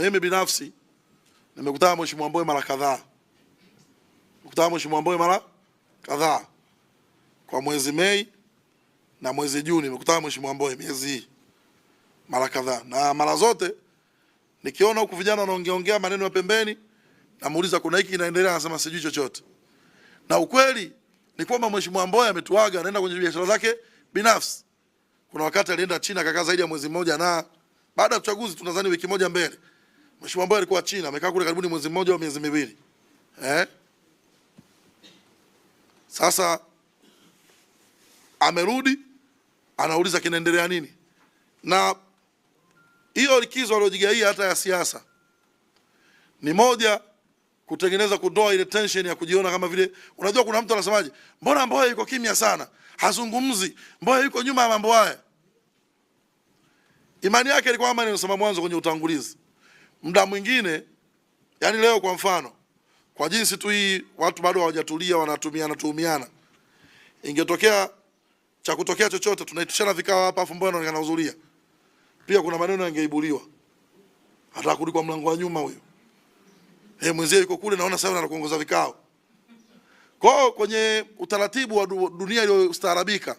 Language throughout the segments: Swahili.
Mimi binafsi nimekutana mheshimiwa Mbowe mara kadhaa, nimekutana mheshimiwa Mbowe mara kadhaa kwa mwezi Mei na mwezi Juni, nimekutana mheshimiwa Mbowe miezi hii mara kadhaa, na mara zote nikiona huku vijana wanaongeaongea maneno ya pembeni, namuuliza kuna hiki inaendelea, anasema sijui chochote. Na ukweli ni kwamba mheshimiwa Mbowe ametuaga, anaenda kwenye biashara zake binafsi. Kuna wakati alienda China akakaa zaidi ya mwezi mmoja, na baada ya uchaguzi tunadhani wiki moja mbele Mheshimiwa Mbowe alikuwa China, amekaa kule karibuni mwezi mmoja au miezi miwili eh? Sasa amerudi anauliza kinaendelea nini, na hiyo likizo aliyojigaia hata ya siasa ni moja kutengeneza kudoa ile tension ya kujiona kama vile, unajua kuna mtu anasemaje, mbona Mboya yuko kimya sana, hazungumzi, Mboya yuko nyuma ya mambo haya. Imani yake ilikuwa kama nilisema mwanzo kwenye utangulizi muda mwingine, yani leo kwa mfano, kwa jinsi tu hii watu bado hawajatulia, wanatumiana tuumiana, ingetokea cha kutokea chochote, tunaitishana vikao hapa, afu mbona anaonekana kuhudhuria pia, kuna maneno yangeibuliwa, hata kurudi kwa mlango wa nyuma huyo, eh, mwenzie yuko kule, naona sasa anakuongoza vikao. Kwa hiyo kwenye utaratibu wa dunia iliyostaarabika,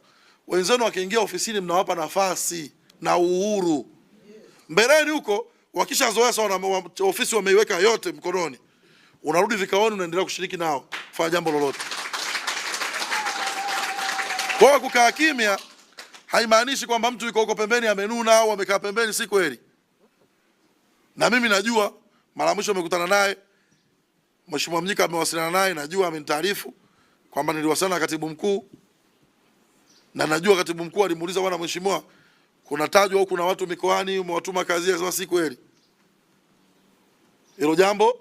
wenzenu wakiingia ofisini, mnawapa nafasi na uhuru. Mbeleni huko Wakishazoea sana ofisi, wameiweka yote mkononi, unarudi vikaoni, unaendelea kushiriki nao kufanya jambo lolote. Kwa hiyo kukaa kimya haimaanishi kwamba mtu yuko huko pembeni amenuna au amekaa pembeni, si kweli. Na mimi najua mara mwisho amekutana naye Mheshimiwa Mnyika, amewasiliana naye, najua amenitaarifu kwamba niliwasiliana na katibu mkuu, na najua katibu mkuu alimuuliza bwana mheshimiwa kunatajwa huku na watu mikoani, umewatuma kazi ya si kweli. Hilo jambo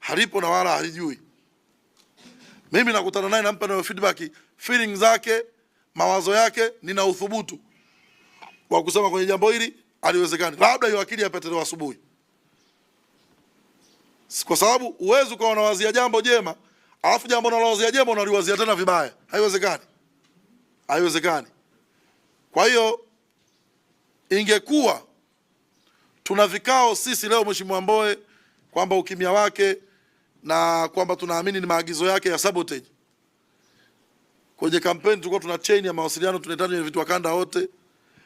halipo na wala halijui. Mimi nakutana naye, nampa nayo feedback, feeling zake, mawazo yake, nina uthubutu wa kusema kwenye jambo hili aliwezekani, labda hiyo akili yapatelewa asubuhi, kwa sababu uwezi ukawa unawazia jambo jema alafu jambo unalowazia jema unaliwazia tena vibaya. Haiwezekani, haiwezekani. Kwa hiyo Ingekuwa tuna vikao sisi leo, Mheshimiwa Mbowe kwamba ukimya wake na kwamba tunaamini ni maagizo yake ya sabotage. Kwenye kampeni tulikuwa tuna chain ya mawasiliano, tunaitana kwenye vitu wa kanda wote,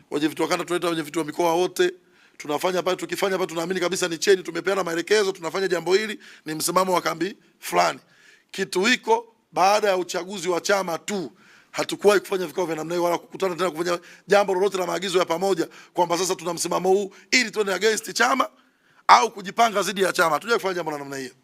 Kwenye vitu wa kanda tunaita kwenye vitu wa mikoa wote, tunafanya pale. Tukifanya pale, tunaamini kabisa ni chain, tumepeana maelekezo, tunafanya jambo hili, ni msimamo wa kambi fulani. Kitu hiko baada ya uchaguzi wa chama tu hatukuwahi kufanya vikao vya namna hiyo wala kukutana tena kufanya jambo lolote la maagizo ya pamoja kwamba sasa tuna msimamo huu ili tuende against chama au kujipanga dhidi ya chama. Hatujawahi kufanya jambo la namna hiyo.